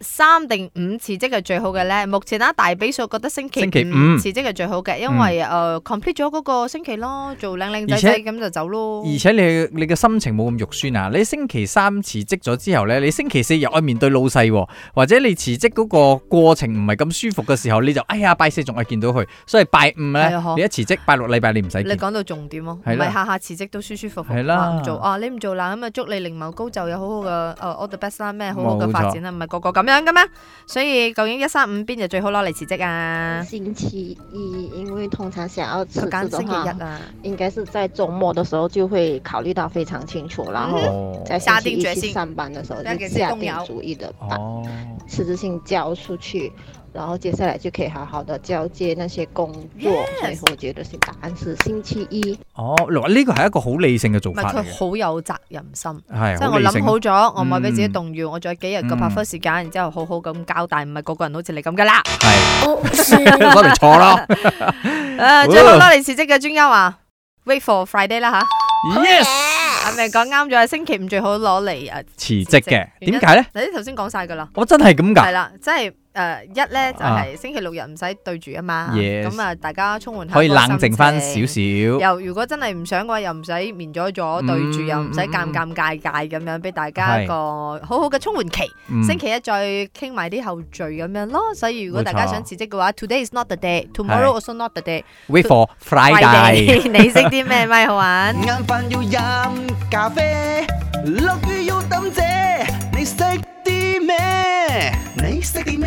三定五辭職係最好嘅咧。目前啊，大比數覺得星期五辭職係最好嘅，因為誒 complete 咗嗰個星期咯，做靚靚仔仔咁就走咯。而且你你嘅心情冇咁肉酸啊！你星期三辭職咗之後咧，你星期四又去面對老細，或者你辭職嗰個過程唔係咁舒服嘅時候，你就哎呀，拜四仲係見到佢，所以拜五咧你一辭職，拜六禮拜你唔使。你講到重點咯，唔係下下辭職都舒舒服服，唔做啊！你唔做啦，咁啊祝你另謀高就，有好好嘅誒 all the best 啦，咩好好嘅發展啦，唔係個個咁。咁樣噶咩？所以究竟一三五邊就最好攞嚟辭職啊？星期一，因為通常想要辭職嘅話，應該是在周末的時候就會考慮到非常清楚，嗯、哼然後在星期一去上班的時候就下定主意的把辭職信交出去。然後接下來就可以好好的交接那些工作，所以我覺得是答案是星期一。哦，嗱呢個係一個好理性嘅做法，唔係，佢好有責任心，係即係我諗好咗，我唔好俾自己動搖，我再幾日嘅拍拖時間，然之後好好咁交代，唔係個個人好似你咁噶啦，係，我哋錯啦。誒，最好攞嚟辭職嘅專家啊，Wait for Friday 啦吓。Yes，係咪講啱咗，星期五最好攞嚟誒辭職嘅，點解咧？頭先講晒噶啦，我真係咁噶，係啦，真係。誒，一咧就係星期六日唔使對住啊嘛，咁啊大家緩衝可以冷靜返少少。又如果真係唔想嘅話，又唔使面阻阻對住，又唔使尷尷尬尬咁樣，俾大家一個好好嘅緩衝期。星期一再傾埋啲後續咁樣咯。所以如果大家想辭職嘅話，Today is not the day，Tomorrow also not the day。Wait for Friday。你識啲咩，Mike？